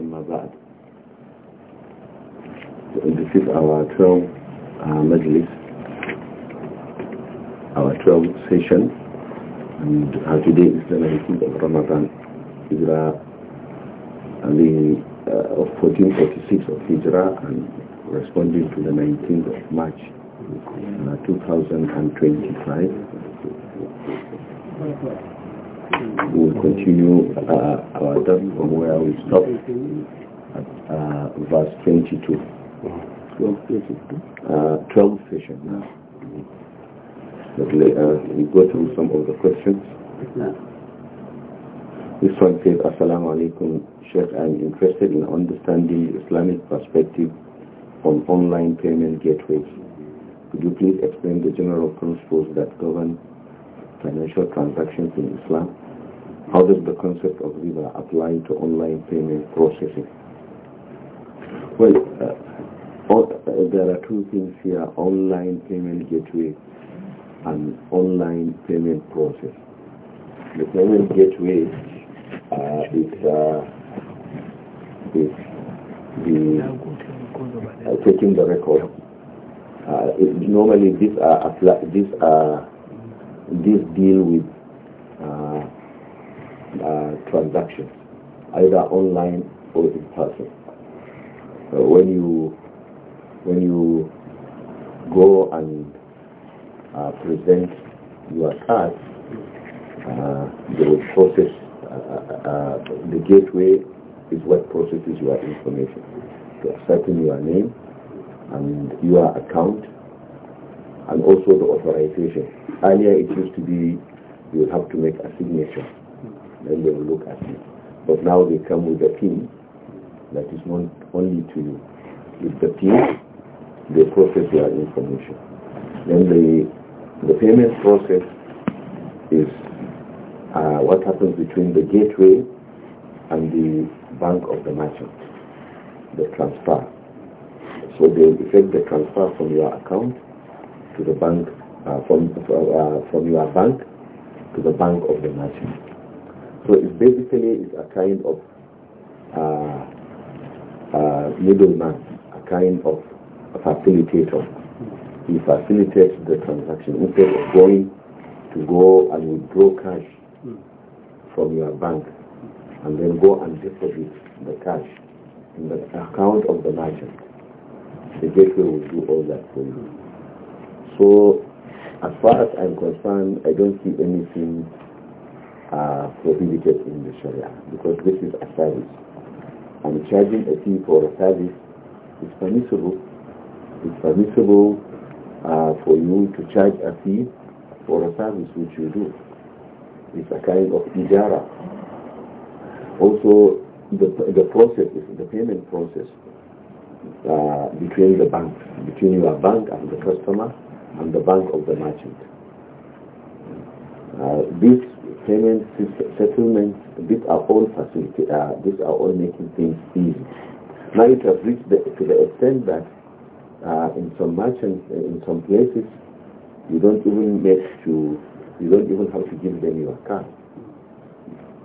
أما بعد This is our 12th uh, majlis, our 12th session, and uh, today is the 19th of Ramadan, Hijrah, And the uh, of 1446 of Hijrah, and responding to the 19th of March, uh, 2025. We'll continue uh, our talk from where we stopped at uh, verse 22. 12 session uh, now. But later, uh, we go through some of the questions. This one says, Assalamu alaikum, Sheikh, I'm interested in understanding the Islamic perspective on online payment gateways. Could you please explain the general principles that govern financial transactions in Islam? How does the concept of riba apply to online payment processing? Well, uh, all, uh, there are two things here, online payment gateway and online payment process. The payment gateway uh, is, uh, is the uh, taking the record. Uh, it, normally these are, these are this deal with uh, uh, transactions, either online or in person. So when you when you go and uh, present your card, uh, they will process uh, uh, the gateway is what processes your information. They are your name and your account and also the authorization. Earlier it used to be you have to make a signature, then they will look at it. But now they come with a pin that is not only to you. With the pin, they process your information. Then the, the payment process is uh, what happens between the gateway and the bank of the merchant, the transfer. So they effect the transfer from your account to the bank uh, from uh, from your bank to the bank of the merchant. So it basically is a kind of uh, uh, middleman, a kind of a facilitator. He facilitates the transaction instead of going to go and withdraw cash from your bank and then go and deposit the cash in the account of the merchant. The gateway will do all that for you. So as far as I'm concerned, I don't see anything uh, prohibited in the Sharia because this is a service. And charging a fee for a service is permissible. It's permissible uh, for you to charge a fee for a service which you do. It's a kind of ijara. Also, the, the process is the payment process uh, between the bank, between your bank and the customer on the bank of the merchant. Uh, these payment settlements, these are all facility, uh, these are all making things easy. Now it has reached the, to the extent that uh, in some merchants, uh, in some places, you don't even make to, you don't even have to give them your card.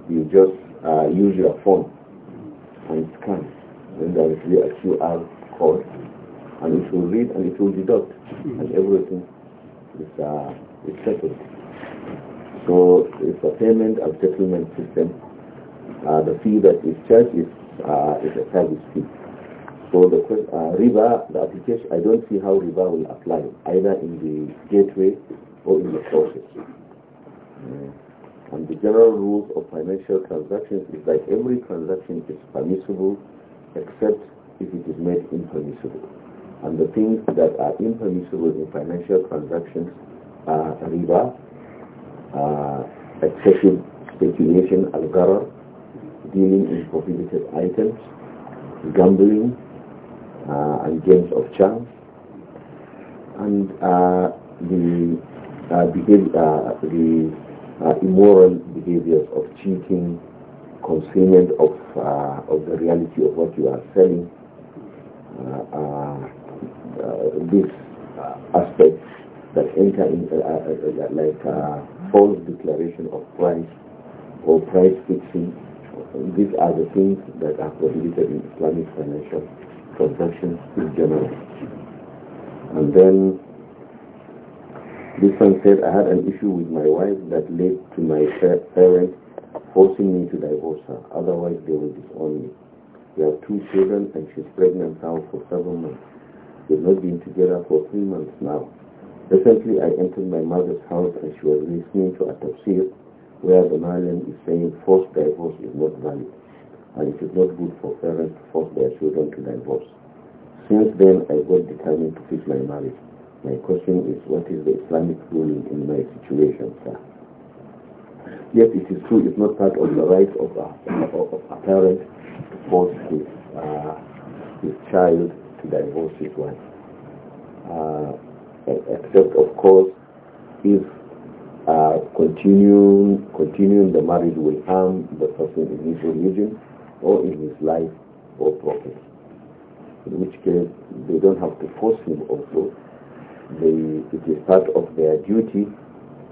You just uh, use your phone and scan. Then there will be a QR code and it will read and it will deduct hmm. and everything is, uh, is settled. So it's a payment and settlement system. Uh, the fee that is charged is, uh, is a service fee. So the uh, riba, the application, I don't see how riba will apply either in the gateway or in the process. Mm. And the general rules of financial transactions is that every transaction is permissible except if it is made impermissible and the things that are impermissible in financial transactions are riba, uh, excessive speculation, al dealing in prohibited items, gambling, uh, and games of chance, and uh, the uh, behavior, uh, the uh, immoral behaviors of cheating, concealment of of the reality of what you are selling. Uh, these uh, aspects that enter in uh, like false declaration of price or price fixing. These are the things that are prohibited in Islamic financial transactions in general. And then this one said, I had an issue with my wife that led to my parents forcing me to divorce her. Otherwise, they will disown me. We have two children and she's pregnant now for seven months. We've not been together for three months now. Recently, I entered my mother's house and she was listening to a tafsir where the Malian is saying forced divorce is not valid and it is not good for parents to force their children to divorce. Since then, I got determined to fix my marriage. My question is, what is the Islamic ruling in my situation, sir? Yes, it is true, it's not part of the right of a, of a parent to force his, uh, his child divorces one. Uh, except of course if uh, continuing, continuing the marriage will harm the person in his religion or in his life or property. In which case, they don't have to force him also. They, it is part of their duty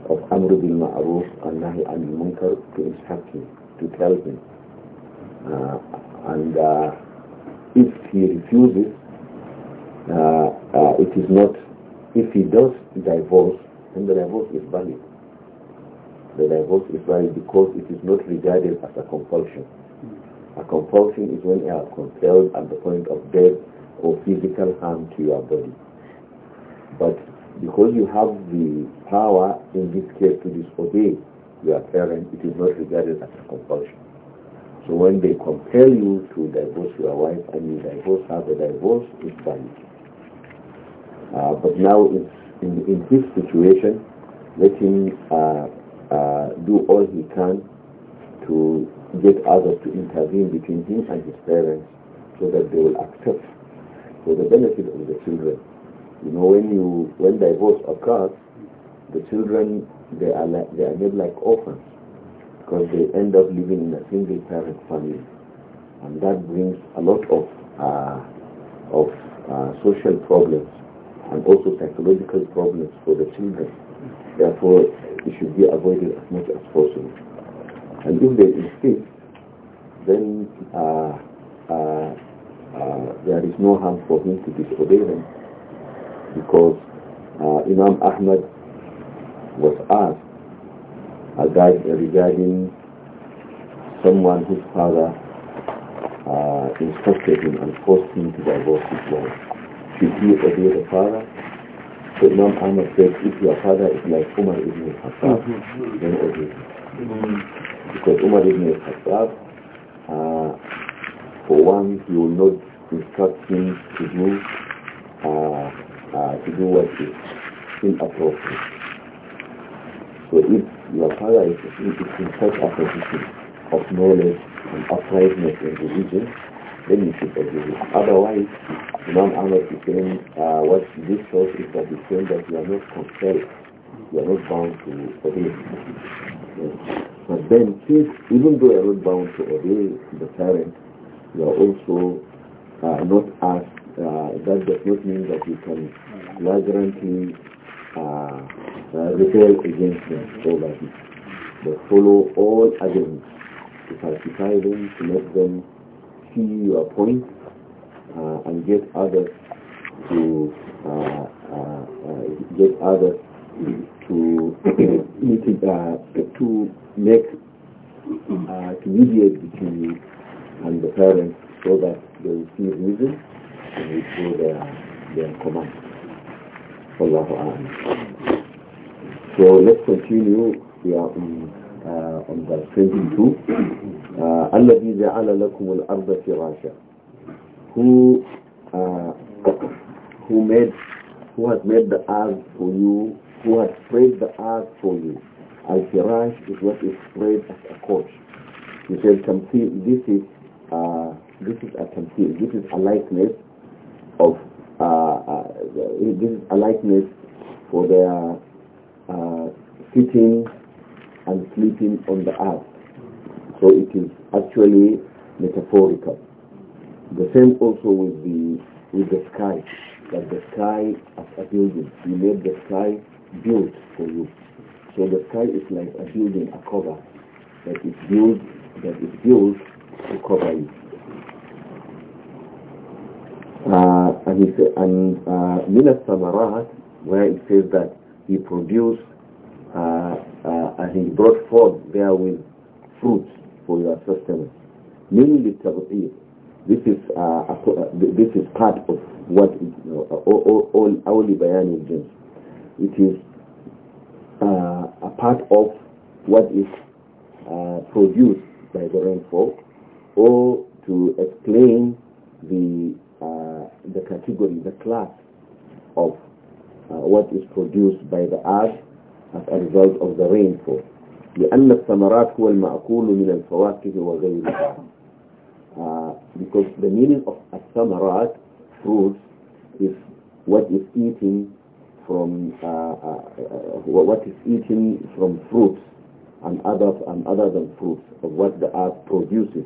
of Amr bin Ma'ruf and Nahi anil Munkar to instruct him, to tell him. Uh, and uh, if he refuses, uh, uh, it is not, if he does divorce, then the divorce is valid. The divorce is valid because it is not regarded as a compulsion. A compulsion is when you are compelled at the point of death or physical harm to your body. But because you have the power in this case to disobey your parent, it is not regarded as a compulsion. So when they compel you to divorce your wife and you divorce her, the divorce is valid. Uh, but now in, in his situation, let him uh, uh, do all he can to get others to intervene between him and his parents so that they will accept for the benefit of the children. You know, when you when divorce occurs, the children they are like, they are made like orphans because they end up living in a single parent family, and that brings a lot of uh, of uh, social problems and also psychological problems for the children. Therefore, it should be avoided as much as possible. And if they insist, then uh, uh, uh, there is no harm for him to disobey them because uh, Imam Ahmad was asked uh, uh, regarding someone whose father instructed him and forced him to divorce his wife. If you obey the father? So Imam Ahmad said, if your father is like Umar ibn al-Khattab, mm-hmm. then obey him. Because Umar ibn al-Khattab, uh, for one, he will not instruct him to do, uh, uh, to do what is inappropriate. So if your father is, is in such a position of knowledge and uprightness in religion, then you should forgive him. Otherwise, Imam Ahmed is saying uh, what this shows is that he's saying that you are not compelled, you are not bound to obey. Yes. But then, since even though you are not bound to obey the parent, you are also uh, not asked, uh, that does not mean that you can flagrantly uh, uh rebel against them over this. But follow all agents to pacify them, to make them see your point uh, and get others to uh, uh get others to uh, to make uh, to mediate between you and the parents so that they will see reason and will follow their their command. Allahu So let's continue. We are uh, on verse 22. الَّذِي جَعَلَ لَكُمُ الْأَرْضَ فِرَاشًا Who, uh, who made, who has made the earth for you, who has spread the earth for you. Al-firash is what is spread as a coach. He says, this is, uh, this is a conceal. This is a likeness of, uh, uh, this is a likeness for their uh, sitting and sleeping on the earth. So it is actually metaphorical. The same also with the with the sky, that the sky as a building. You made the sky built for you. So the sky is like a building, a cover that is built that is built to cover you. Uh, and he said, and uh, Minas Samarat, where it says that he produced uh, uh, and he brought forth therewith fruits for your sustenance. Meaning the tawheed. This is uh, uh this is part of what all all all the bayan means. It is uh, a part of what is uh, produced by the rainfall, or to explain the the category, the class of what is produced by the earth as a result of the rainfall لأن الثمرات هو المأكول من الفواكه وغيرها uh, because the meaning of الثمرات fruit is what is eating from uh, uh, uh what is eating from fruits and other and other than fruits of what the earth produces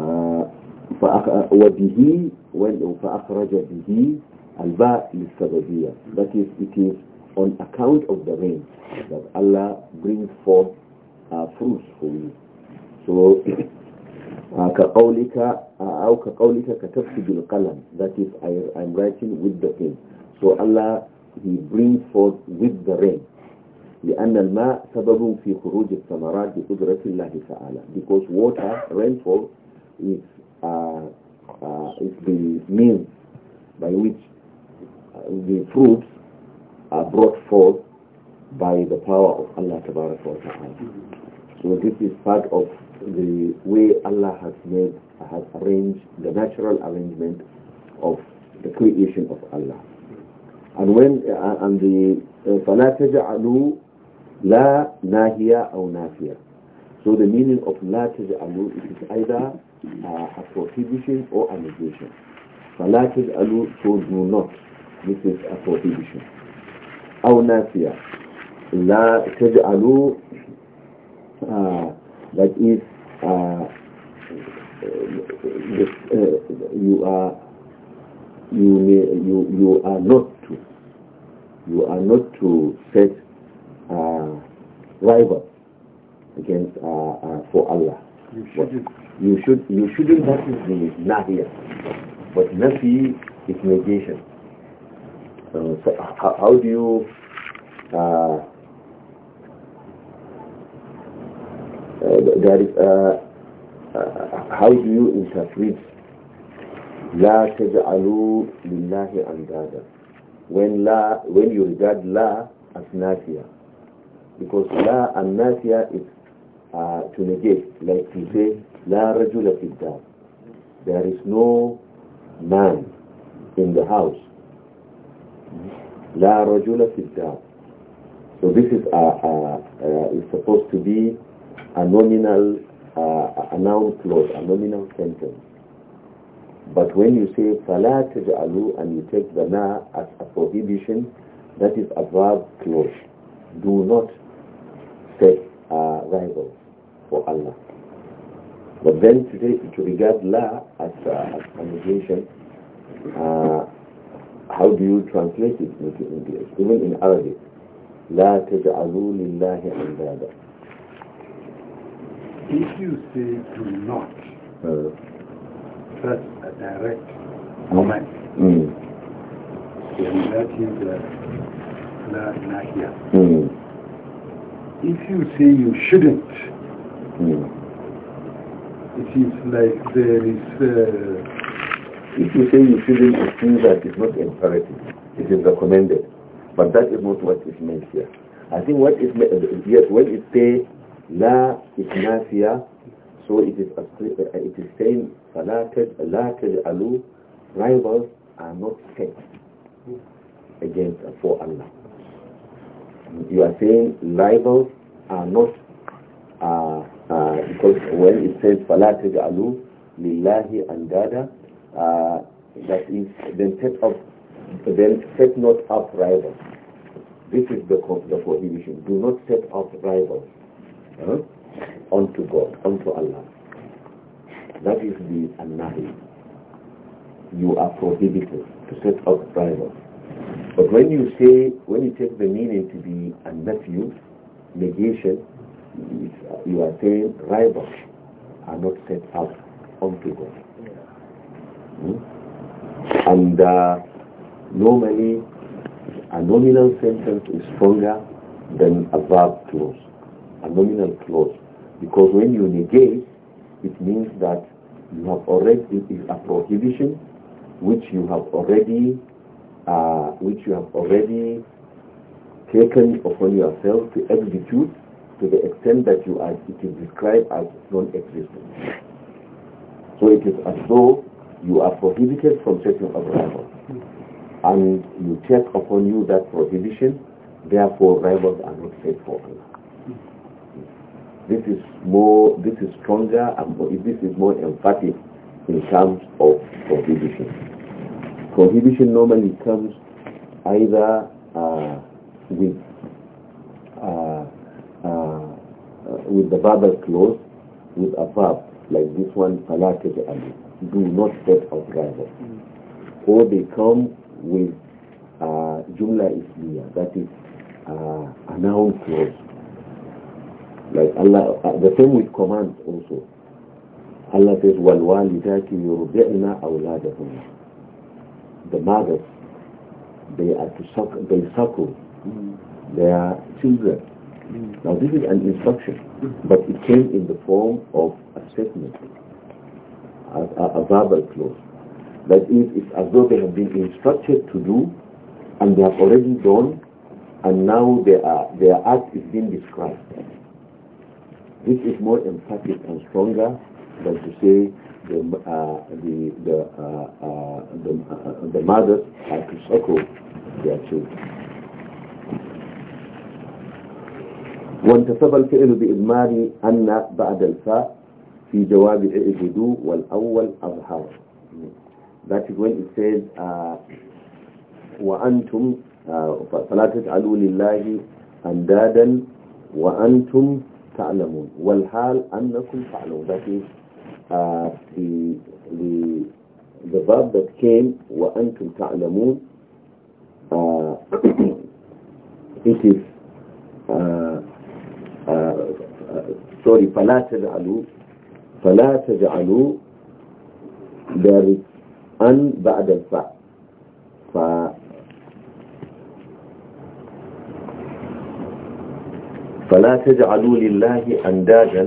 uh, uh, وبه فأخرج به الباء للسببية that is it is on account of the rain that Allah brings forth uh, fruits for you. So, uh, uh, that is I, I'm writing with the pen. So Allah he brings forth with the rain. لأن الماء سبب في خروج الثمرات بقدرة الله تعالى because water rainfall is uh, uh, is the means by which uh, the fruits are brought forth by the power of Allah Ta'ala. So this is part of the way Allah has made, has arranged the natural arrangement of the creation of Allah. And when uh, and the uh, فَلَا تَجْعَلُوا لَا نَاهِيَ أَوْ نَافِيَ So the meaning of لَا تَجْعَلُوا it is either uh, a prohibition or a negation. فَلَا تَجْعَلُوا So do not. This is a prohibition. أو نافية لا تجعلوا uh, that is uh, you are you may, you you are not to you are not to set uh, rivals against uh, uh, for Allah. You should You should. You shouldn't. That is the nahiya. But nafi is negation so, how, how, do you uh, uh there is uh, uh, how do you interpret لا تجعلوا لله أندادا when لا when you regard لا as ناسيا because لا and nafiya is uh, to negate like to say لا رجل في fiddar there is no man in the house La rajula fiddar. So this is a, a, a, is supposed to be a nominal, a, a noun clause, a nominal sentence. But when you say فَلَا تَجْعَلُوا and you take the na as a prohibition, that is a verb clause. Do not set a rival for Allah. But then today to regard la as, a as negation, uh, how do you translate it into English? Even in Arabic, لا تجعلوا لله أندادا. If you say do not, uh, that's a direct command. Mm. Then that is la Mm. If you say you shouldn't, mm. it is like there is. Uh, if you say you shouldn't do that, it's not imperative. It is recommended. But that is not what is meant here. I think what is meant, uh, yes, when it says la here, so it is, uh, it is saying la alu, rivals are not set against uh, for Allah. You are saying rivals are not uh, uh, because when it says alu, تَجْعَلُوا and أَنْدَادًا uh, that is then set up then set not up rivals. This is the, the prohibition. Do not set up rivals huh? unto God, unto Allah. That is the anahi. You are prohibited to set up rivals. But when you say, when you take the meaning to be a nephew, negation, you are saying rivals are not set up unto God. And uh, normally, a nominal sentence is stronger than a verb clause, a nominal clause. Because when you negate, it means that you have already, it is a prohibition which you have already, uh, which you have already taken upon yourself to execute to the extent that you are, it is described as non-existent. So it is as though you are prohibited from taking of rivals. And you take upon you that prohibition, therefore rivals are not faithful. This is more, this is stronger and this is more emphatic in terms of prohibition. Prohibition normally comes either uh, with uh, uh, uh with the verbal clause, with a verb like this one, فَلَا تَجْعَلُوا do not set uprightly. Or they come with uh, Jumla Ismiya, that is uh, a noun clause. Like Allah, uh, the same with commands also. Allah says, وَالْوَالِدَاتِ يُرْضِعْنَا أَوْلَادَهُمْ The mothers, they are to suck, they suckle mm. their children. Mm. Now this is an instruction, but it came in the form of a statement a, a verbal clause. That is, it's as though they have been instructed to do, and they have already done, and now their, their act is being described. This is more emphatic and stronger than to say the, uh, the, the, uh, uh the, uh, the mothers have to suckle their children. وانتسب الفعل بإضمار أن بعد الفاء في جواب الهدوء والأول أظهر that is when it says uh, وأنتم uh, فلا تجعلوا لله أندادا وأنتم تعلمون والحال أنكم تعلمون that is uh, the, the, the verb that came وأنتم تعلمون uh, it is uh, uh, uh, sorry فلا تجعلوا فلا تجعلوا there أن بعد الفاء ف فلا تجعلوا لله أندادا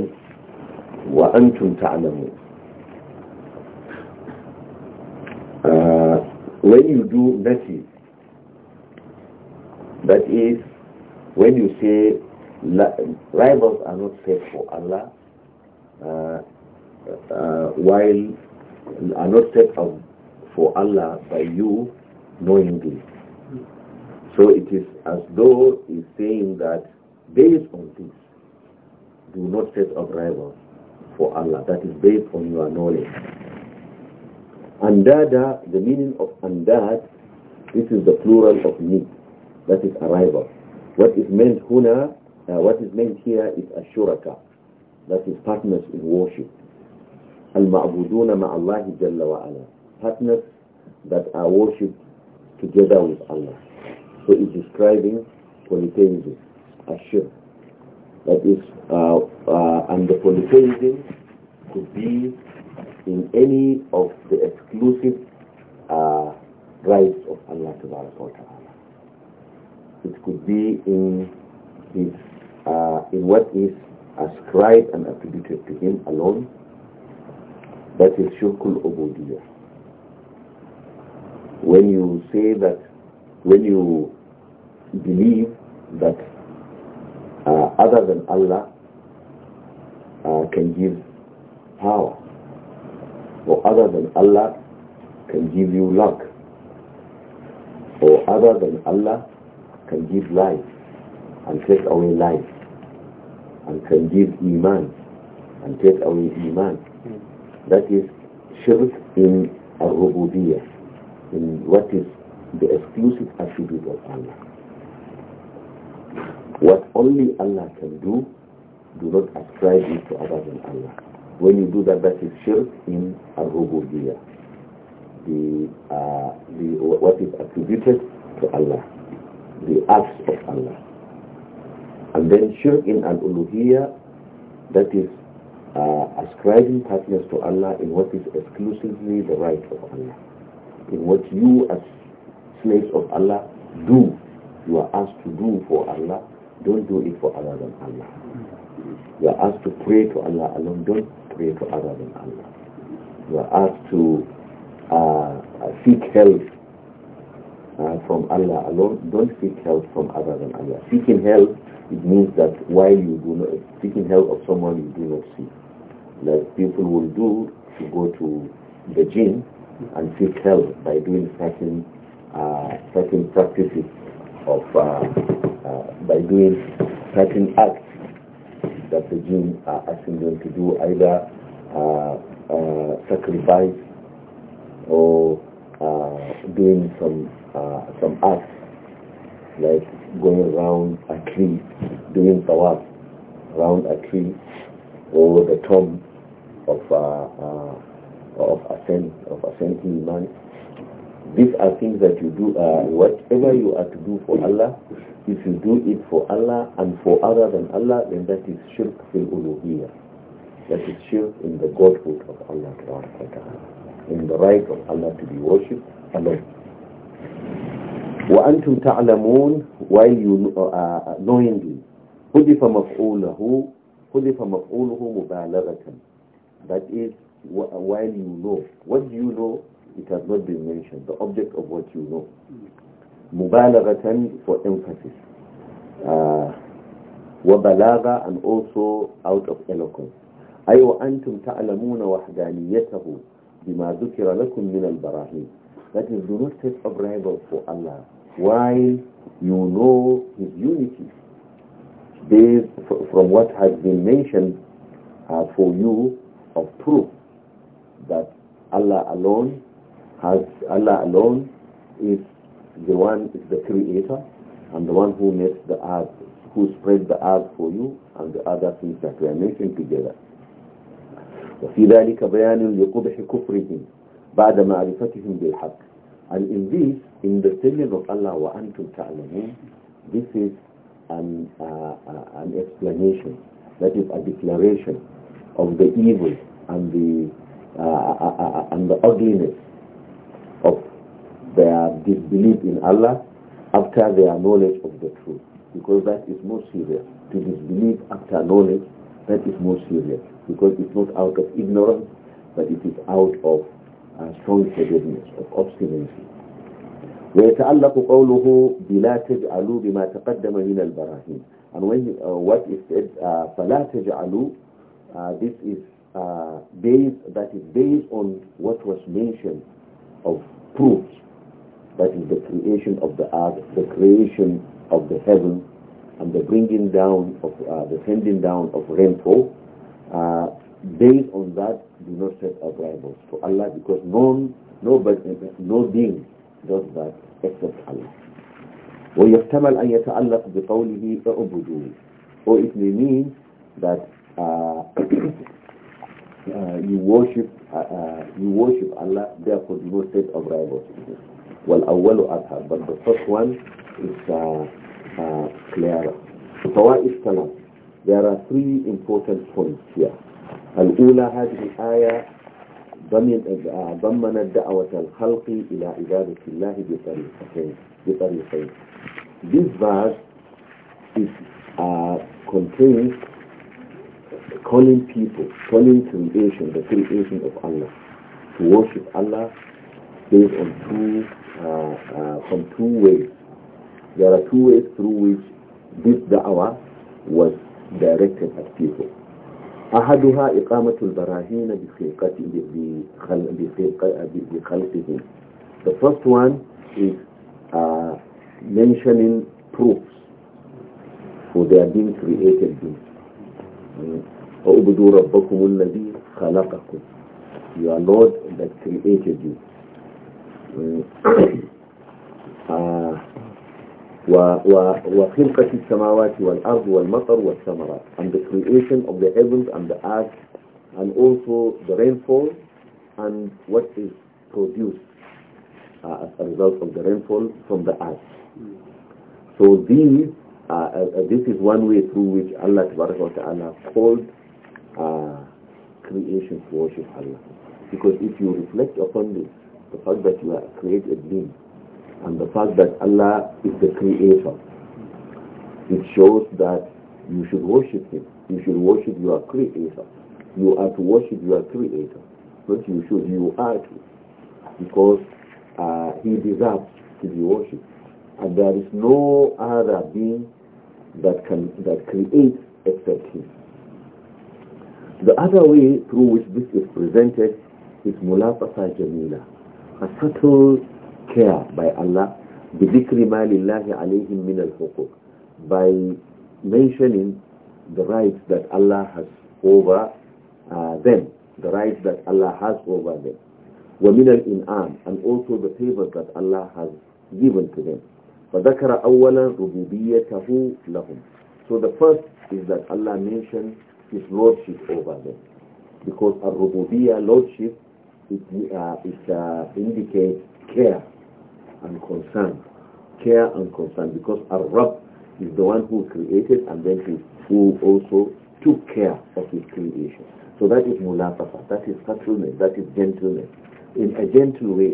وأنتم تعلمون uh, when you do native that is when you say rivals are not safe for Allah uh, uh, while are not set up for Allah by you knowingly. So it is as though he's saying that based on this, do not set up rivals for Allah. That is based on your knowledge. Andada, the meaning of andad, this is the plural of me. That is a rival. What is meant huna, uh, what is meant here is ashuraka. That is partners in worship al-ma'buduna ma'allahi jalla wa ala. Partners that are worshipped together with Allah. So it's describing polytheism, ashir. That is, uh, uh, and the polytheism could be in any of the exclusive uh, rights of Allah Ta'ala. It could be in his, uh, in what is ascribed and attributed to him alone that is shirkul ubudiyah. When you say that, when you believe that uh, other than Allah uh, can give power, or other than Allah can give you luck, or other than Allah can give life and take away life, and can give iman and take away iman that is shirk in al in what is the exclusive attribute of Allah. What only Allah can do, do not ascribe it to other than Allah. When you do that, that is shirk in al the, uh, the, what is attributed to Allah, the acts of Allah. And then shirk in al-uluhiyyah, that is uh, ascribing partners to Allah in what is exclusively the right of Allah. In what you as slaves of Allah do, you are asked to do for Allah, don't do it for other than Allah. You are asked to pray to Allah alone, don't pray to other than Allah. You are asked to uh, seek help uh, from Allah alone, don't seek help from other than Allah. Seeking help, it means that while you do not, seeking help of someone you do not see that people will do to go to the gym and seek help by doing certain uh, certain practices of uh, uh, by doing certain acts that the gym are asking them to do either uh, uh, sacrifice or uh, doing some some acts like going around a tree doing tawaf around a tree or the tomb of uh, uh, of ascent of ascending man. these are things that you do uh, whatever you are to do for Allah if you do it for Allah and for other than Allah then that is shirk fil uluhiyah that is shirk in the godhood of Allah in the right of Allah to be worshipped alone وأنتم تعلمون while you uh, uh knowingly حذف مفعوله حذف مفعوله مبالغة that is, while you know, what you know, it has not been mentioned, the object of what you know. Mubalaghatan for emphasis. Uh, and also out of eloquence أي وأنتم تعلمون وحدانيته بما ذكر لكم من البراهين That is do not set up for Allah while you know His unity based from what has been mentioned uh, for you of proof that Allah alone has Allah alone is the one is the creator and the one who makes the earth who spread the earth for you and the other things that we are making together. وفي ذلك بيان لقبح كفرهم بعد معرفتهم بالحق and in this in the telling of Allah وأنتم تعلمون this is an, uh, uh, an explanation that is a declaration of the evil and the uh, uh, uh, and the ugliness of their disbelief in Allah after their knowledge of the truth. Because that is more serious. To disbelieve after knowledge, that is more serious. Because it's not out of ignorance, but it is out of uh, strong stubbornness of obstinacy. ويتعلق قوله بلا تجعلوا بما تقدم من البراهين and when uh, what is said uh, فلا تجعلوا uh, this is uh, based, that is based on what was mentioned of proofs, that is the creation of the earth, the creation of the heaven, and the bringing down of, uh, the sending down of rainfall, based on that, do not set up rivals for Allah because none, nobody, no being does that except Allah. ويحتمل أن يتعلق بقوله اعبدوني or it may mean that uh, uh, you worship uh, you worship Allah therefore you no state of rivalry well awwalu adha but the first one is clearer فوائد كلام there are three important points here الأولى هذه الآية ضمنت دعوة الخلق إلى عبادة الله بطريقتين بطريقين This verse is uh, contains calling people, calling creation, the creation of Allah, to worship Allah based on two, uh, uh, from two ways. There are two ways through which this da'wah was directed at people. أحدها إقامة البراهين بخلقهم The first one is uh, mentioning proofs for their being created beings. Mm. وَأُبْدُوا الَّذِي خَلَقَكُمْ Your Lord that created you. وخلقة السماوات والأرض والمطر والثمرات and the creation of the heavens and the earth and also the rainfall and what is produced uh, as a result of the rainfall from the earth. So these, uh, uh, this is one way through which Allah Ta'ala called uh, creation to worship Allah. Because if you reflect upon this, the fact that you are a created being, and the fact that Allah is the creator, it shows that you should worship Him. You should worship your creator. You are to worship your creator. Not you should, you are to. Because uh, He deserves to be worshipped. And there is no other being that can that creates except Him. The other way through which this is presented is mulafasa jamila, a subtle care by Allah, بِذِكْرِ alayhim min al by mentioning the rights that Allah has over uh, them, the rights that Allah has over them. al-inām, and also the favors that Allah has given to them. فَذَكَرَ أَوَّلًا رُبُوبِيَّتَهُ لَهُمْ So the first is that Allah mentions his lordship over them. Because a rububiyyah lordship, it, uh, it uh, indicates care and concern. Care and concern. Because a rab is the one who created and then he, who also took care of his creation. So that is mulafafa, that is subtleness, that is gentleness. In a gentle way,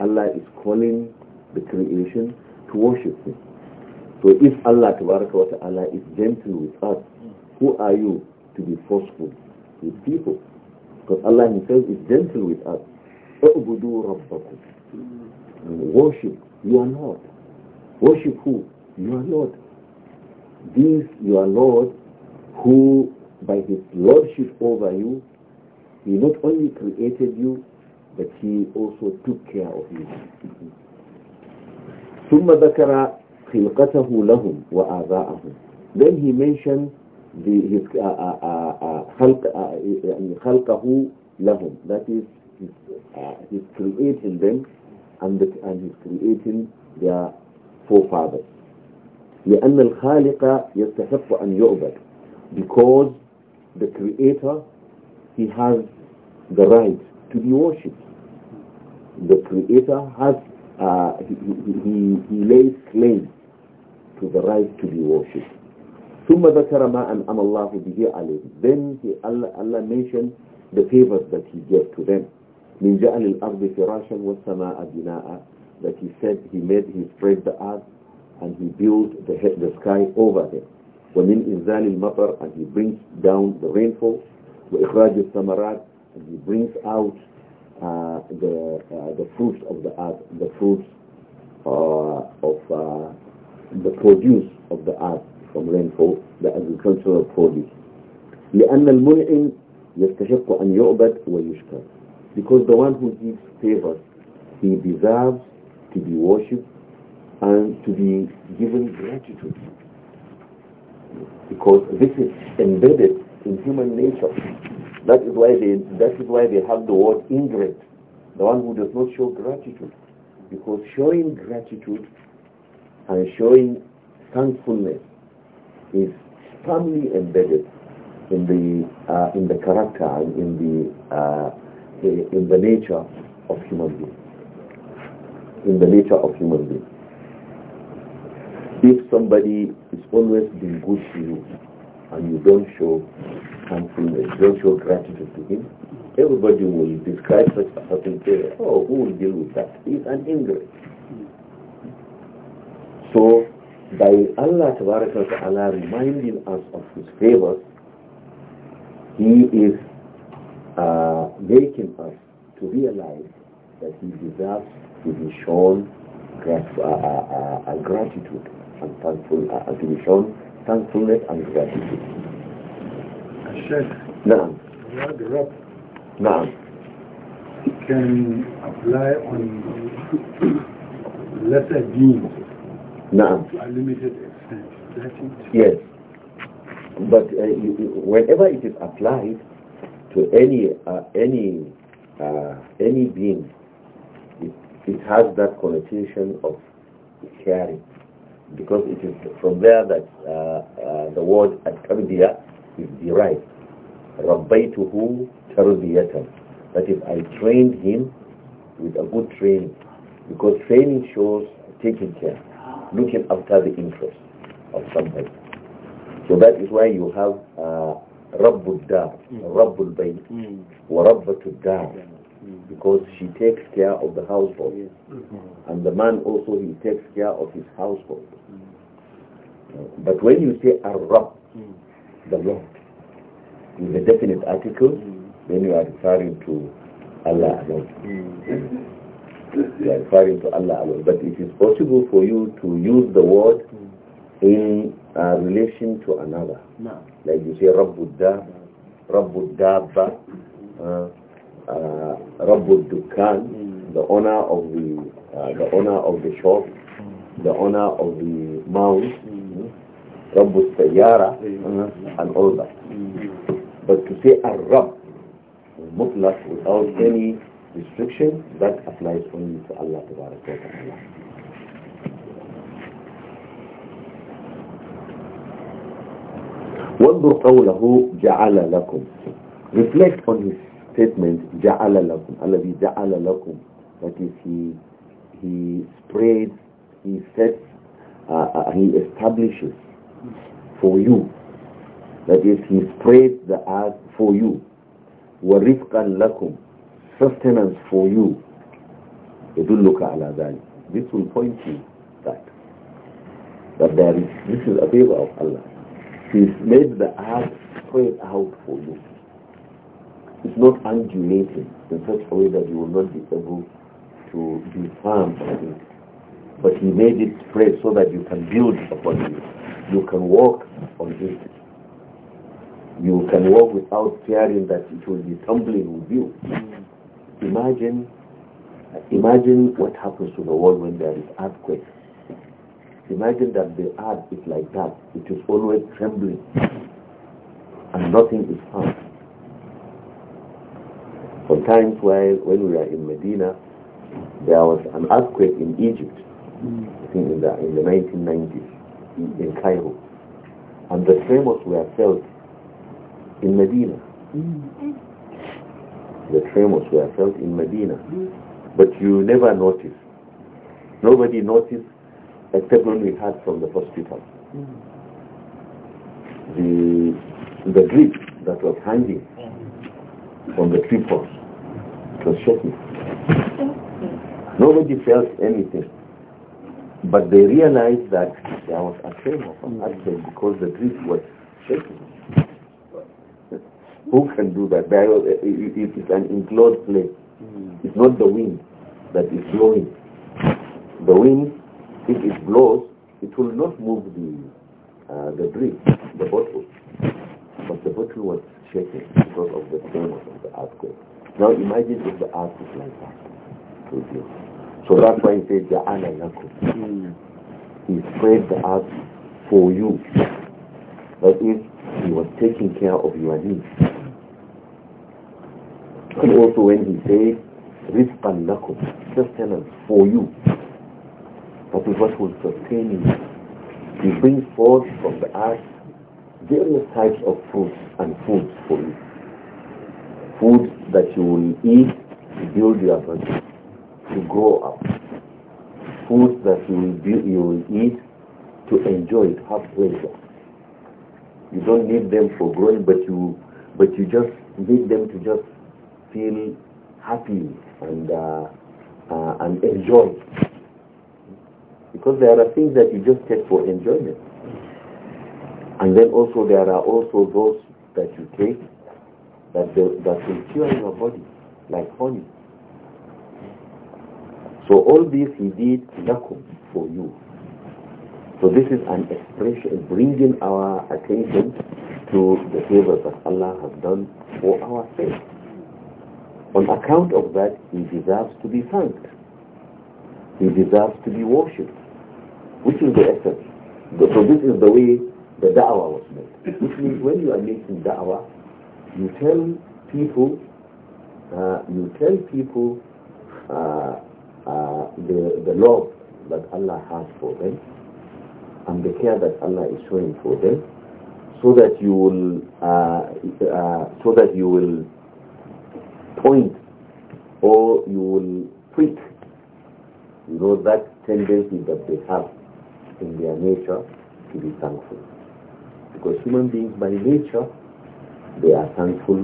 Allah is calling the creation to worship Him. So if Allah Ta'ala is gentle with us, who are you to be forceful with people. Because Allah Himself is gentle with us. Worship, you are Lord. Worship who? You are Lord. This your Lord who by his lordship over you, he not only created you, but he also took care of you. ثم ذكر خلقته لهم وآباءهم. Then he mentioned the, his uh, uh, uh, uh لهم that is his, uh, his creating them and, the, and his creating their forefathers لأن الخالق يستحق أن يعبد because the creator he has the right to be worshipped the creator has uh, he, he, he lays claim to the right to be worshipped ثم ذكر ما أنعم الله به عليه then he, Allah, Allah mentioned the favors that he gave to them من جعل الأرض فراشا والسماء بناء that he said he made he spread the earth and he built the, the sky over them ومن إنزال المطر and he brings down the rainfall وإخراج الثمرات and he brings out uh, the uh, the fruits of the earth the fruits uh, of uh, the produce of the earth from rainfall the agricultural produce لأن المنعم يستحق أن يعبد ويشكر because the one who gives favors he deserves to be worshipped and to be given gratitude because this is embedded in human nature that is why they that is why they have the word ingrate the one who does not show gratitude because showing gratitude and showing thankfulness is firmly embedded in the uh, in the character and in the uh, in the nature of human being. In the nature of human being. If somebody is always being good to you and you don't show thankfulness, don't show gratitude to him, everybody will describe such a person say, oh, who will deal with that? He's an ingrate. So by Allah Ta'ala reminding us of His favors, He is uh, making us to realize that He deserves to be shown grat uh, uh, uh, uh gratitude and thankful, uh, to be shown thankfulness and gratitude. Now, now can apply on lesser beings now, a limited extent. Yes. But uh, you, you, whenever it is applied to any uh, any uh, any being, it, it has that connotation of caring, because it is from there that uh, uh, the word at is derived. رَبَّيْتُهُ تَرْبِيَةً That is, I trained him with a good training, because training shows taking care looking after the interest of somebody. So that is why you have uh, Rabbul Dar, mm. Rabbul Bayt, or mm. Rabbatul Dar, mm. because she takes care of the household. Yes. Mm -hmm. And the man also, he takes care of his household. Mm. Uh, but when you say Arab, mm. the Lord, with the definite article, then you are referring to Allah alone you are referring to Allah alone. But it is possible for you to use the word in uh, relation to another. No. Like you say, Rabbudda, Rabbuddabba, uh, uh, mm. the owner of the uh, the owner of the shop, the owner of the mount, mm. hmm, Rabbu Sayyara, uh, and all that. Mm. But to say Arab, mutlaq, without any restriction, that applies only to Allah Ta'ala. وانظر قوله جعل لكم reflect on his statement جعل لكم الذي جعل لكم that is he he spreads he sets uh, uh, he establishes for you that is he spreads the earth for you ورفقا لكم sustenance for you this will point you that that there is this is a favor of Allah He's made the earth spread out for you it's not undulating in such a way that you will not be able to be firm on it but he made it spread so that you can build upon it you can walk on it you can walk without fearing that it will be tumbling with you imagine imagine what happens to the world when there is earthquake imagine that the earth is like that it is always trembling and nothing is found sometimes while when we are in medina there was an earthquake in egypt i think in the in the 1990s in cairo and the tremors were felt in medina mm the tremors were felt in Medina. But you never noticed. Nobody noticed except when we heard from the hospital. The, the grip that was hanging from the tripods was shaking. Nobody felt anything. But they realized that there was a tremor from outside because the grip was shaking. Who can do that? it, it's an enclosed place. Hmm. It's not the wind that is blowing. The wind, if it blows, it will not move the uh, the drink, the bottle. But the bottle was shaking because of the tremor of the earthquake. Now imagine if the earth is like that So that's why he said, Ja'ana Yakum. Hmm. He spread the earth for you. That is, he was taking care of your needs. And also when he said, Rizqan lakum, sustenance for you. That is what will sustain you. He brings forth from the earth various types of fruits and foods for you. Food that you will eat to build your body, to grow up. Food that you will, you will eat to enjoy it, have pleasure. You don't need them for growing, but you, but you just need them to just feel happy and, uh, uh, and enjoy. Because there are things that you just take for enjoyment. And then also there are also those that you take that, the, that will cure your body, like honey. So all this he did lakum for you. So this is an expression bringing our attention to the favor that Allah has done for our sake. On account of that, he deserves to be thanked. He deserves to be worshipped, which is the essence. So this is the way the da'wah was made. Which means when you are making da'wah, you tell people, uh, you tell people uh, uh, the, the love that Allah has for them, and the care that Allah is showing for them so that you will uh, uh, so that you will point or you will quit, you know that tendency that they have in their nature to be thankful because human beings by nature they are thankful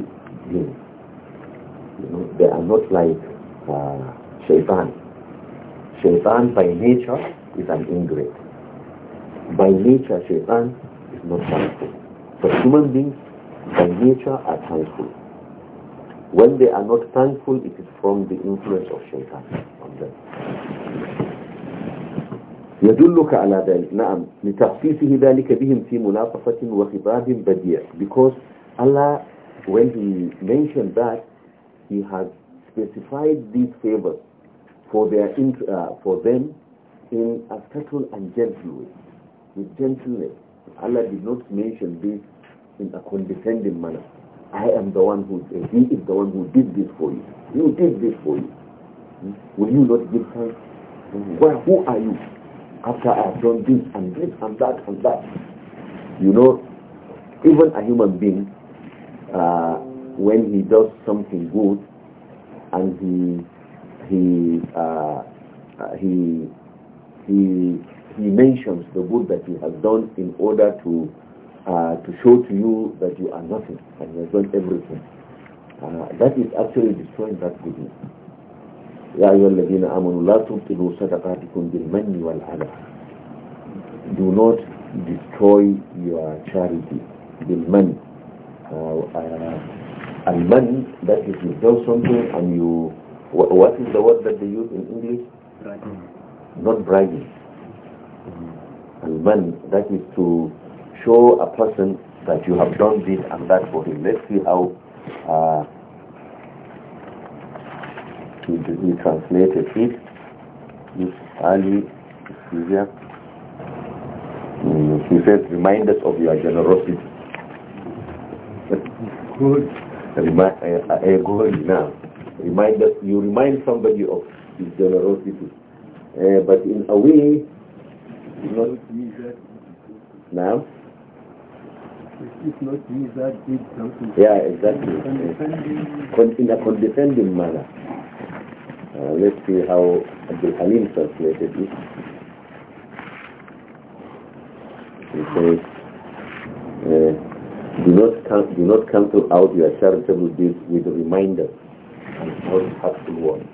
beings you know they are not like uh, shaitan shaitan by nature is an ingrate by nature shaitan is not thankful. But human beings by nature are thankful. When they are not thankful, it is from the influence of shaitan on them. يدلك على ذلك نعم لتخصيصه ذلك بهم في ملاطفة بديع because Allah when he mentioned that he has specified these favors for their uh, for them in a subtle and gentle way with gentleness. Allah did not mention this in a condescending manner. I am the one who, uh, he is the one who did this for you. You did this for you. Hmm? Will you not give thanks? Mm-hmm. Well, who are you? After I have done this and this and that and that. You know, even a human being, uh, when he does something good and he, he, uh, uh he, he he mentions the good that he has done in order to uh, to show to you that you are nothing and you have done everything. Uh, that is actually destroying that goodness. يا أيها الذين آمنوا لا تبطلوا صدقاتكم بالمن والأذى Do not destroy your charity بالمن uh, uh, المن that is you do something and you what is the word that they use in English? Bragging. Not bragging al-man, that is to show a person that you have done this and that for him. Let's see how uh, he, he translated it. Ali Mm, he says, remind us of your generosity. Good. Remind, uh, uh, good now. Remind us, you remind somebody of his generosity. Uh, but in a way, now? It's not me that did something. Yeah, exactly. In a condescending manner. Uh, let's see how Abdul Halim translated it. He says, uh, do not count, do not cancel out your charitable deeds with reminder. and false hurtful words.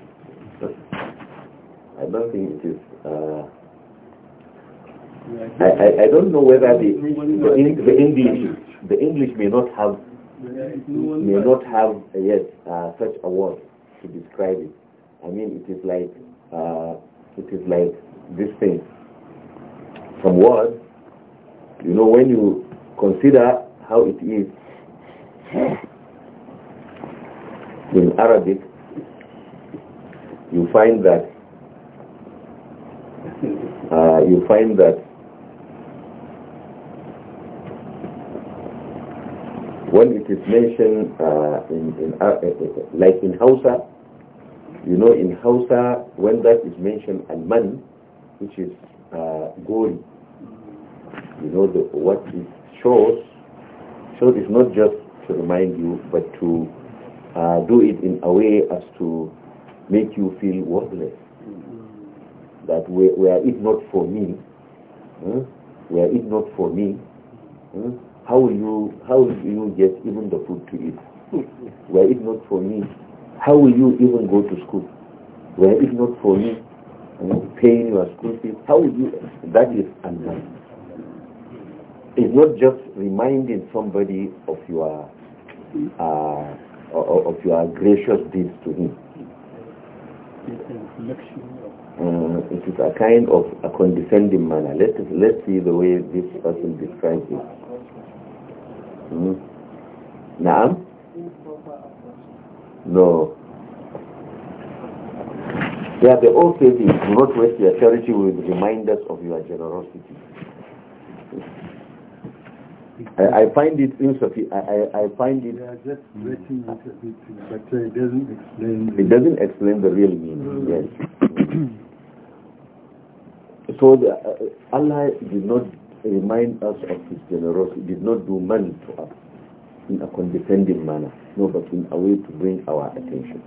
I don't think it is uh, I, I, I don't know whether the, the, the English the English may not have may not have uh, yes uh, such a word to describe it. I mean, it is like uh, it is like this thing. From words, you know, when you consider how it is in Arabic, you find that uh, you find that when it is mentioned uh, in, in uh, uh, uh, like in Hausa, you know in Hausa when that is mentioned and money, which is uh, gold, you know the, what it shows. So it's not just to remind you, but to uh, do it in a way as to make you feel worthless. That were, were it not for me, hmm, were it not for me, hmm, how will you how will you get even the food to eat? Were it not for me, how will you even go to school? Were it not for me, you paying your school fees, how will you? That is Allah. It's not just reminding somebody of your uh, of your gracious deeds to him. Uh, it is a kind of a condescending manner. Let's let's see the way this person describes it. نعم hmm? no yeah the old saying do not waste your charity with reminders of your generosity I, I find it insufficient. I, I find it. just waiting it a bit, but uh, it doesn't explain. It doesn't explain the real meaning. Mm. Yes. so the, uh, Allah did not remind us of his generosity, did not do man to us in a condescending manner, no, but in a way to bring our attention.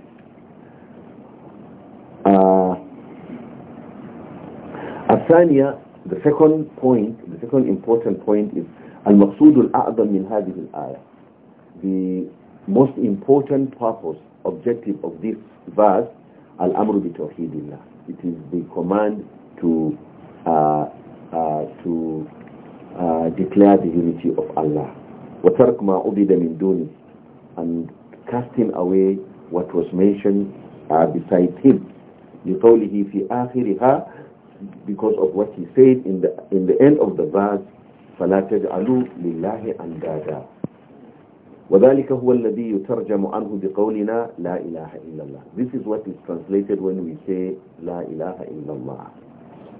Uh, the second point, the second important point is المقصود الأعظم من هذه الآية. The most important purpose, objective of this verse, الأمر بتوحيد الله. It is the command to uh, uh, to uh, declare the unity of Allah. وَتَرْكْ مَا عُبِدَ مِن دُونِ And casting away what was mentioned uh, beside him. لِقَوْلِهِ فِي آخِرِهَا Because of what he said in the, in the end of the verse, فَلَا تَجْعَلُوا لِلَّهِ أَنْدَادًا وذلك هو الذي يترجم عنه بقولنا لا إله إلا الله This is what is translated when we say لا إله إلا الله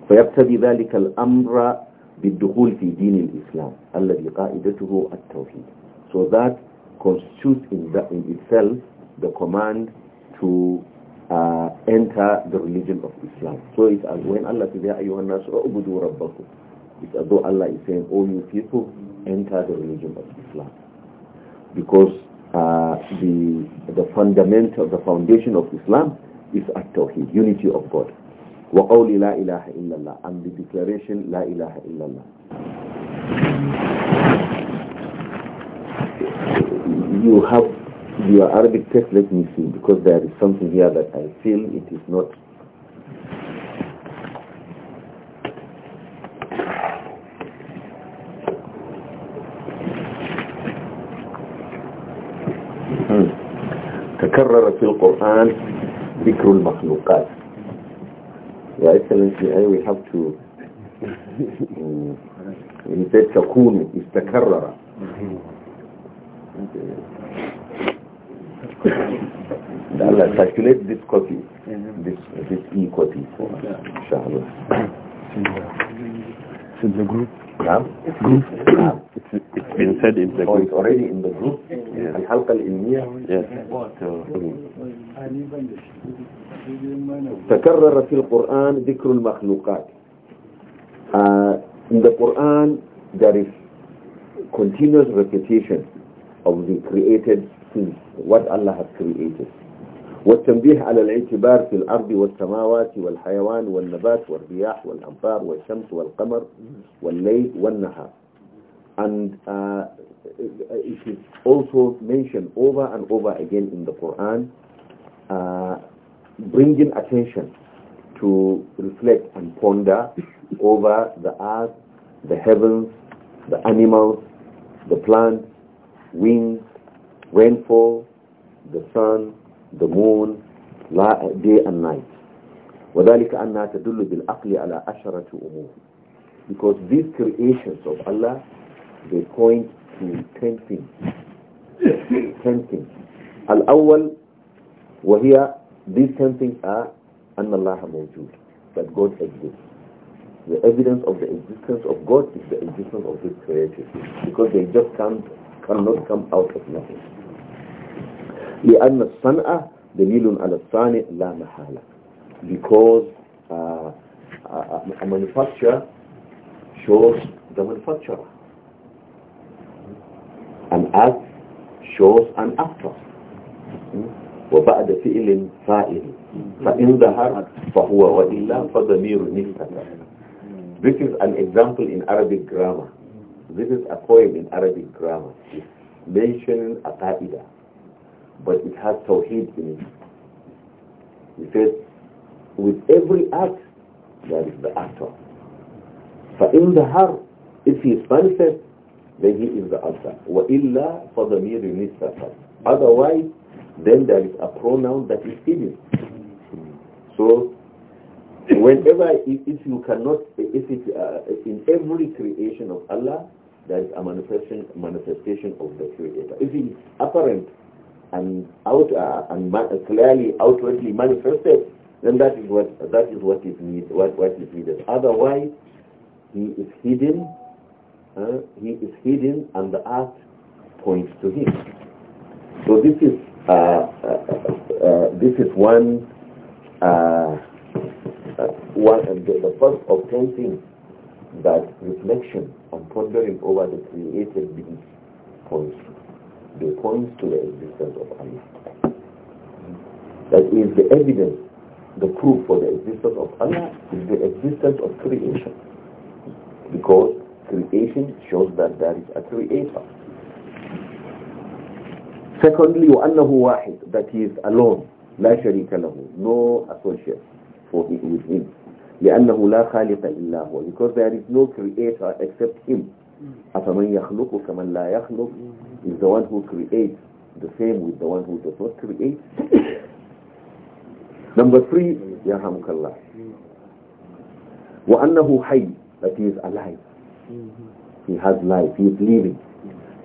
فيقتضي ذلك الأمر بالدخول في دين الإسلام الذي قائدته التوحيد so that constitutes in, the, in itself the command to uh, enter the religion of Islam so it's as when Allah says يا أيها الناس اعبدوا ربكم it's as though Allah is saying all you people enter the religion of Islam because uh, the the fundamental the foundation of Islam is at-tawhid unity of God وقول لا إله إلا الله and the declaration لا إله إلا الله you have your Arabic text let me see because there is something here that I feel it is not تكرر في القرآن ذكر المخلوقات Your Excellency, I eh, we have to... Um, he said تكون استكرر Allah circulate this copy this this e copy for us inshallah it's the group yeah. group it's, it's been said in the oh, it's already in the group yes. الحلقة العلمية yes تكرر في القرآن ذكر المخلوقات uh, in the Quran there is continuous repetition of the created things what Allah has created والتنبيه على الاعتبار في الأرض والسماوات والحيوان والنبات والرياح والأنفار والشمس والقمر والليل والنهار and uh, it is also mentioned over and over again in the Quran uh, bringing attention to reflect and ponder over the earth, the heavens, the animals, the plants, winds, rainfall, the sun, the moon, day and night. وذلك أنها تدل بالعقل على عشرة أمور because these creations of Allah they point to ten things ten things الأول وهي these ten things are أن الله موجود that God exists. The evidence of the existence of God is the existence of His creatures because they just can't cannot come out of nothing. لأن الصنع دليل على الصانع لا محالة because uh, a, uh, a manufacturer shows the manufacturer. An act shows an actor. Hmm? وبعد فعل فائل فإن ظهر فهو وإلا فضمير نفتة This is an example in Arabic grammar. This is a poem in Arabic grammar. It's mentioning a qaida, but it has tawheed in it. He says, with every act, there is the actor. فإن ظهر, if he is manifest, then he is the answer. وإلا فضمير نفتة Otherwise, then there is a pronoun that is hidden. So whenever, if, if you cannot, if it, uh, in every creation of Allah, there is a manifestation, manifestation of the Creator. If it is apparent and out uh, and clearly outwardly manifested, then that is what that is what is need what what is needed. Otherwise, he is hidden. Uh, he is hidden, and the earth points to him. So this is uh, uh, uh, this is one, one the, the first obtaining that reflection and pondering over the created being points They points to the existence of Allah. That is the evidence, the proof for the existence of Allah is the existence of creation. Because creation shows that there is a creator. Secondly, وَأَنَّهُ وَاحِدٌ That he is alone. لا شريك له. No associate for him, with him. لأنه لا خالق إلا هو. Because there is no creator except him. أَفَمَنْ يَخْلُقُ كَمَنْ لَا يَخْلُقُ is the one who creates the same with the one who does not create. Number three, يَرْحَمُكَ اللَّهِ وَأَنَّهُ حَيٌّ That he is alive. He has life. He is living.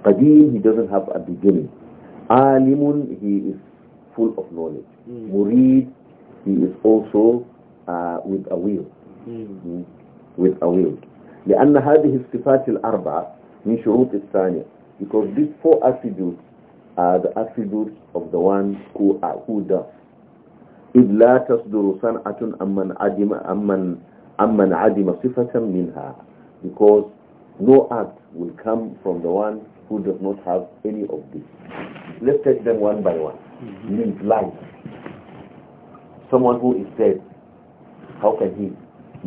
قديم he doesn't have a beginning. alimun, he is full of knowledge. Mm. Murid, he is also uh, with a will. Mm. With a will. لأن هذه الصفات الأربعة من شروط الثانية because these four attributes are the attributes of the one who are, uh, who does إذ لا تصدر صنعة أمن عدم أمن أمن عدم صفة منها because no act will come from the one who does not have any of this. Let's take them one by one. Mm -hmm. Live life. Someone who is dead, how can he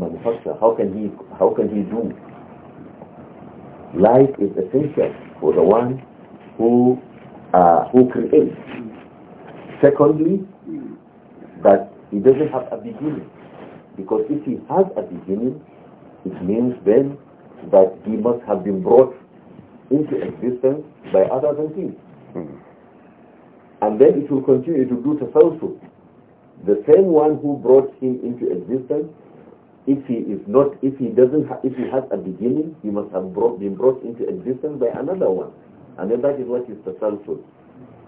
manufacture? How can he, how can he do? Life is essential for the one who, uh, who creates. Secondly, that he doesn't have a beginning. Because if he has a beginning, it means then that he must have been brought into existence by other than him. Mm. And then it will continue to do tasawwuf. The same one who brought him into existence, if he is not, if he doesn't, if he has a beginning, he must have brought, been brought into existence by another one. And then that is what is tasalsul.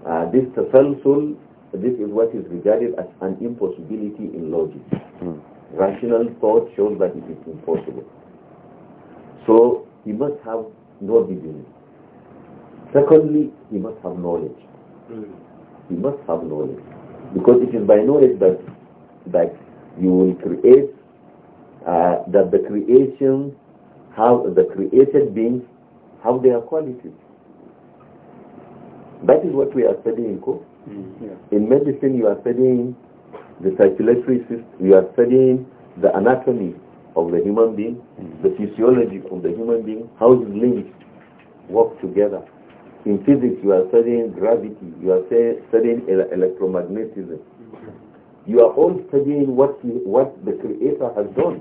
Uh, this tasalsul, this is what is regarded as an impossibility in logic. Mm. Rational thought shows that it is impossible. So he must have no beginning. Secondly, he must have knowledge. Mm. He must have knowledge. Because it is by knowledge that, that you will create, uh, that the creation, how the created beings have their qualities. That is what we are studying, Ko. Mm, yeah. In medicine, you are studying the circulatory system, you are studying the anatomy of the human being, mm. the physiology of the human being, how his limbs work together, in physics, you are studying gravity, you are studying electromagnetism. You are all studying what, he, what the Creator has done.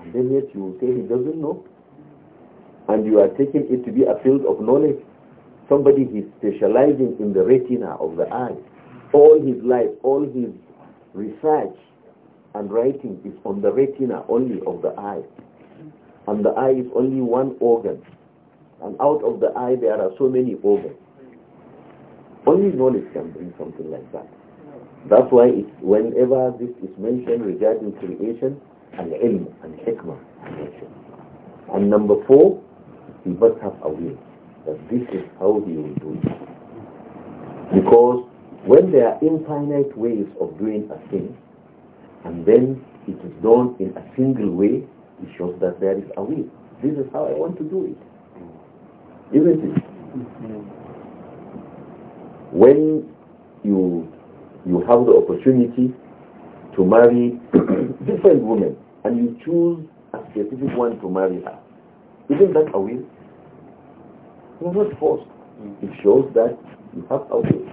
And then yet you say he doesn't know. And you are taking it to be a field of knowledge. Somebody is specializing in the retina of the eye. All his life, all his research and writing is on the retina only of the eye. And the eye is only one organ and out of the eye there are so many organs. Only knowledge can bring something like that. That's why it, whenever this is mentioned regarding creation, and ilm and hikmah and mentioned. And number four, he must have a will that this is how he will do it. Because when there are infinite ways of doing a thing, and then it is done in a single way, it shows that there is a will. This is how I want to do it. Isn't it? Mm-hmm. When you you have the opportunity to marry different women and you choose a specific one to marry her, isn't that a will? You are not forced. Mm. It shows that you have a will.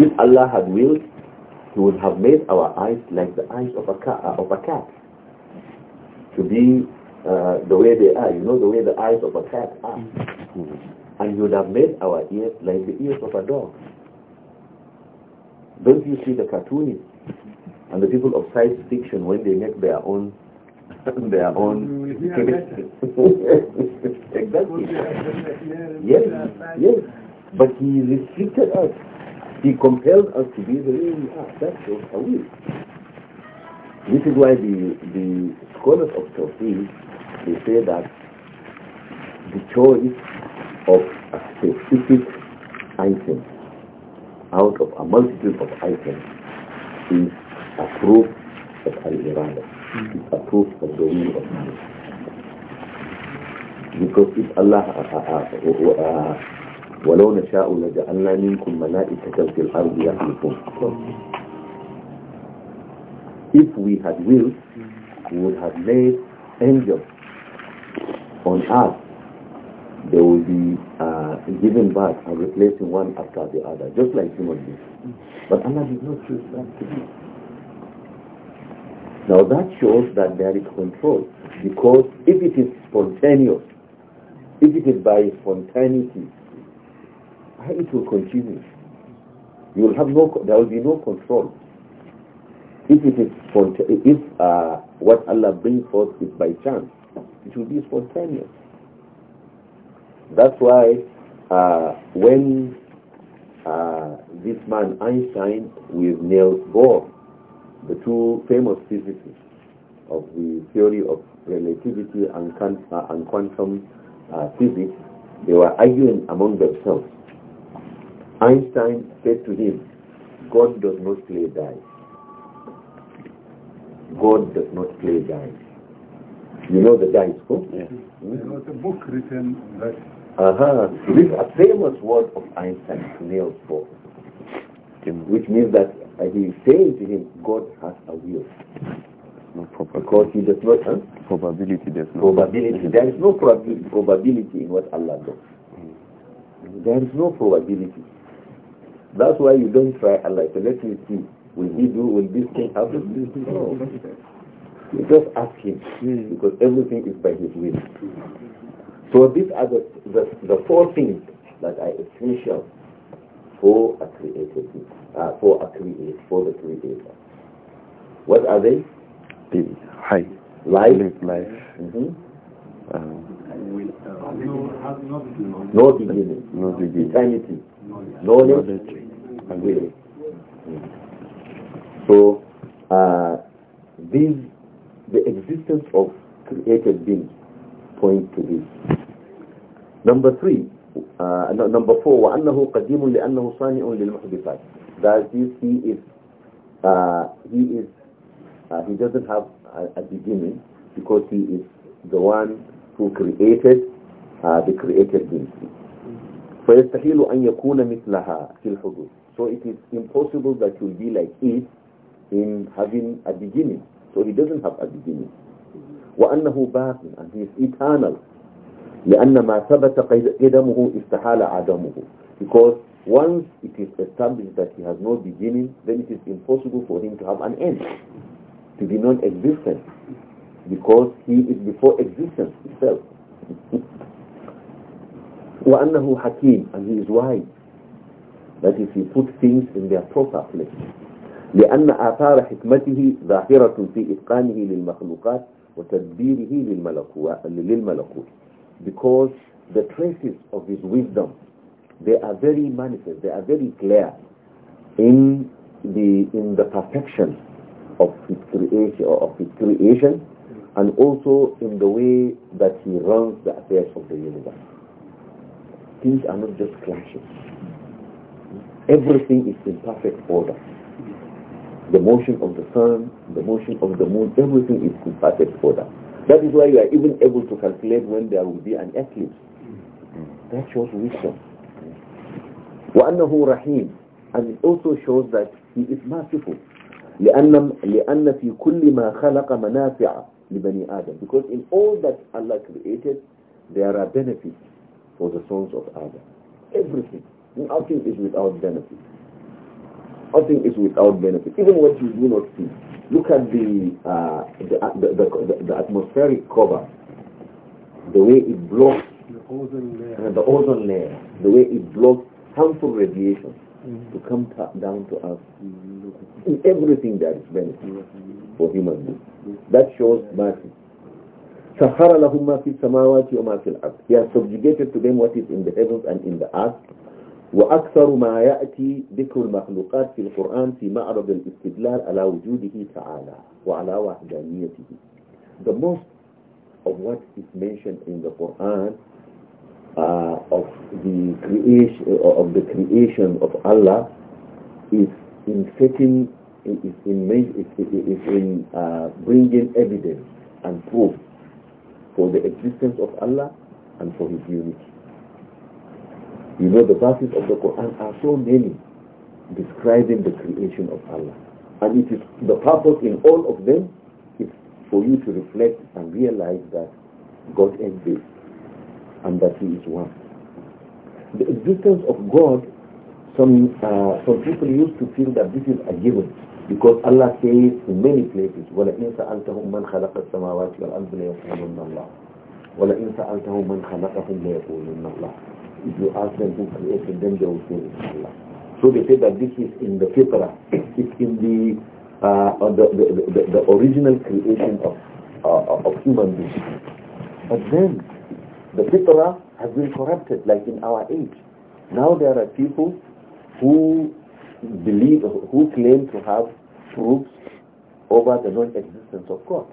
If Allah had willed, He would have made our eyes like the eyes of a cat, uh, of a cat to be uh, the way they are. You know the way the eyes of a cat are. Mm. And he would have made our ears like the ears of a dog. Don't you see the cartoonists and the people of science fiction when they make their own their own exactly yes yes but he restricted us he compelled us to be the way we are that's what are we this is why the the scholars of Tawfiq they say that the choice of a specific item out of a multitude of items is a proof of al-irada. Hmm. It's a proof of the will of Allah. Because if Allah uh, uh, uh, ولو نشاء لجعلنا منكم ملائكة في الأرض يخلفون If we had willed, we would have made angels on earth will be uh, given back and replacing one after the other, just like human beings. But Allah did not choose that to be. Now that shows that there is control, because if it is spontaneous, if it is by spontaneity, it will continue. You will have no, there will be no control. If it is spontaneous, if uh, what Allah brings forth is by chance, it will be spontaneous. That's why uh, when uh, this man Einstein with Niels Bohr, the two famous physicists of the theory of relativity and, uh, and quantum uh, physics, they were arguing among themselves. Einstein said to him, God does not play dice. God does not play dice. You know the dice, book? Yes. Mm -hmm. There was a book written that uh-huh. This is a famous word of Einstein, Niels for, which means that uh, he is saying to him, God has a will. No probability. Because he does not, huh? Probability, there's no probability. There is no prob- probability in what Allah does. Mm. There is no probability. That's why you don't try Allah. So let me see. Will he do, will this thing happen? No. You just ask him. Hmm. Because everything is by his will. So these are the, the, the four things that are essential for a created, uh, for a create, for the creator. What are they? The high. Life. Live life. Mm -hmm. um, uh, no, no, beginning. No beginning. Eternity. Knowledge. Knowledge. Will. So, uh, these, the existence of created beings point to this. Number three, uh, no, number four, وَأَنَّهُ قَدِيمٌ لِأَنَّهُ صَانِعٌ لِلْمُحْدِثَاتِ That is, he is, uh, he is, uh, he doesn't have a, a, beginning because he is the one who created uh, the created beings. فَيَسْتَحِيلُ أَن يَكُونَ مِثْلَهَا فِي الْحُدُوثِ So it is impossible that you'll be like it in having a beginning. So he doesn't have a beginning. وأنه باق and he is eternal لأن ما ثبت قدمه استحال عدمه because once it is established that he has no beginning then it is impossible for him to have an end to be non-existent because he is before existence itself وأنه حكيم and he is wise that is he put things in their proper place لأن آثار حكمته ظاهرة في إتقانه للمخلوقات وتدبيره للملكوت because the traces of his wisdom they are very manifest they are very clear in the in the perfection of his creation of his creation and also in the way that he runs the affairs of the universe things are not just clashing everything is in perfect order the motion of the sun, the motion of the moon, everything is in perfect order. That is why you are even able to calculate when there will be an eclipse. That shows wisdom. وأنه رحيم and it also shows that he is merciful لأن لأن في كل ما خلق منافع لبني آدم because in all that Allah created there are benefits for the souls of Adam everything nothing is without benefit Nothing is without benefit. Even what you do not see. Look at the, uh, the, the, the, the, atmospheric cover, the way it blocks the ozone layer, uh, the, ozone layer, the way it blocks harmful radiation mm -hmm. to come down to us mm-hmm. in everything that is benefit for human beings. That shows mercy. سخر لهم ما في السماوات وما في الأرض. He has subjugated to them what is in the heavens and in the earth وأكثر ما يأتي ذكر المخلوقات في القرآن في معرض الاستدلال على وجوده تعالى وعلى وحدانيته. The most of what is mentioned in the Quran uh, of the creation uh, of the creation of Allah is in setting, is in is in uh, bringing evidence and proof for the existence of Allah and for His unity. You know, the verses of the Quran are so many describing the creation of Allah. And it is the purpose in all of them is for you to reflect and realize that God exists and that He is one. The existence of God, some, uh, some people used to feel that this is a given because Allah says in many places, وَلَئِنْ سَأَلْتَهُمْ مَنْ خَلَقَ السَّمَاوَاتِ وَالْأَرْضَ لَيَقُولُنَّ اللَّهُ وَلَئِنْ سَأَلْتَهُمْ مَنْ خَلَقَهُمْ لَيَقُولُنَّ اللَّهُ if you ask them who created them, they will say Allah. So they say that this is in the fitrah. It's in the, uh, the, the, the, the, original creation of, uh, of human beings. But then the fitrah has been corrupted, like in our age. Now there are people who believe, who claim to have proofs over the non-existence of God.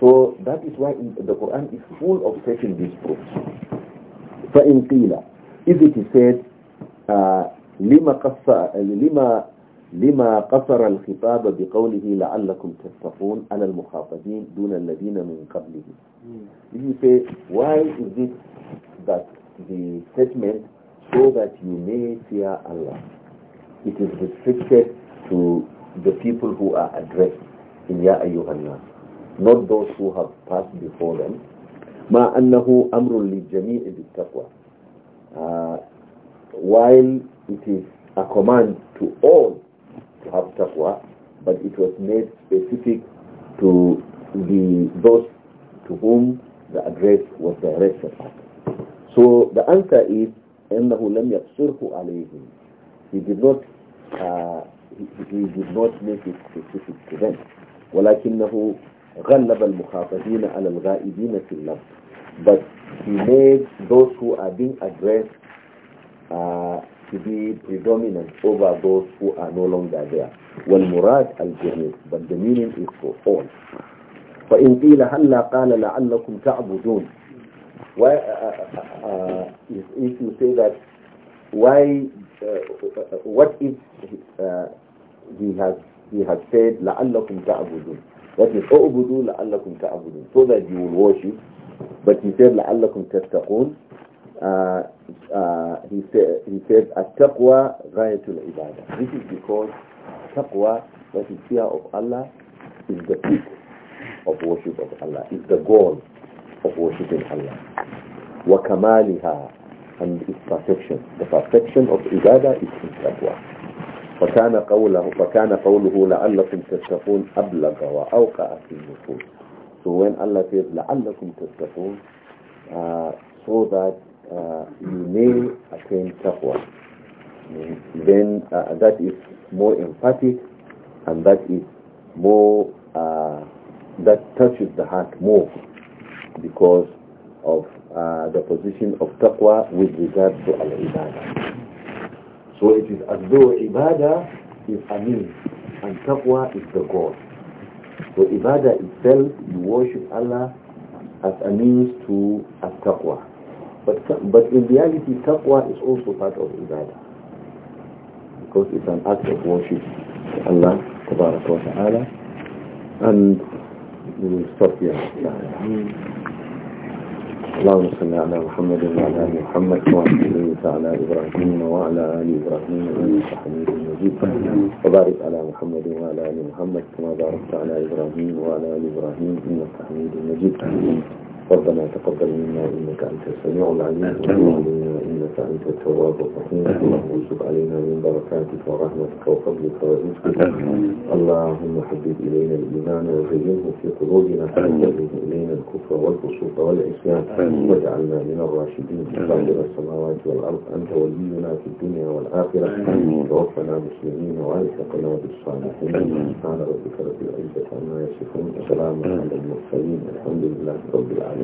So that is why the Quran is full of taking these proofs. فإن قيل إذ it لما قص لما لما قصر الخطاب بقوله لعلكم تتقون على المخاطبين دون الذين من قبله if you say why is it that the statement so that you may fear Allah it is restricted to the people who are addressed in Ya Ayyuhanna, not those who have passed before them ma annahu amrun while it is a command to all to have taqwa but it was made specific to the those to whom the address was directed at. So the answer is He did not uh, he, he, did not make it specific to them. ولكنه غلب المخاطبين على الغائبين في اللفظ but he made those who are being addressed uh, to be predominant over those who are no longer there والمراد الجميع but the meaning is for all فإن قيل هلا قال لعلكم تعبدون why uh, uh, if, if you say that why what if he has he has said لعلكم تعبدون That is, أُعْبُدُوا لَعَلَّكُمْ تَعْبُدُونَ So that you will worship. But he said, لَعَلَّكُمْ تَتَّقُونَ uh, uh, he, said, he said, التقوى غاية العبادة. This is because taqwa, that is fear of Allah, is the peak of worship of Allah, is the goal of worshiping Allah. وَكَمَالِهَا And its perfection. The perfection of ibadah is in taqwa. فكان قوله فكان قوله لعلكم تتقون أبلغ وأوقع في النفوس so when Allah says لعلكم تتقون uh, so that uh, you may attain taqwa then uh, that is more emphatic and that is more uh, that touches the heart more because of uh, the position of taqwa with regard to al-ibadah So it is as though ibadah is a means and taqwa is the goal. So ibadah itself, you worship Allah as a means to as taqwa. But, but in reality, taqwa is also part of ibadah. Because it's an act of worship to Allah, tabarak wa ta'ala. And we will stop here. اللهم صل على محمد وعلى ال محمد وعلى ال ابراهيم وعلى ال ابراهيم انك حميد مجيد وبارك على محمد وعلى ال محمد كما باركت على ابراهيم وعلى ال ابراهيم انك حميد مجيد ربنا تقبل منا إنك أنت السميع العليم وعلمنا إنك أنت التواب الرحيم اللهم انصب علينا من بركاتك ورحمتك وفضلك ورزقك اللهم حبب إلينا الإيمان وزينه في قلوبنا وكره إلينا الكفر والفسوق والعصيان واجعلنا من الراشدين صاحب السماوات والأرض أنت ولينا في الدنيا والآخرة توفنا مسلمين وألحقنا بالصالحين سبحان ربك رب العزة عما يصفون وسلام على المرسلين الحمد لله رب العالمين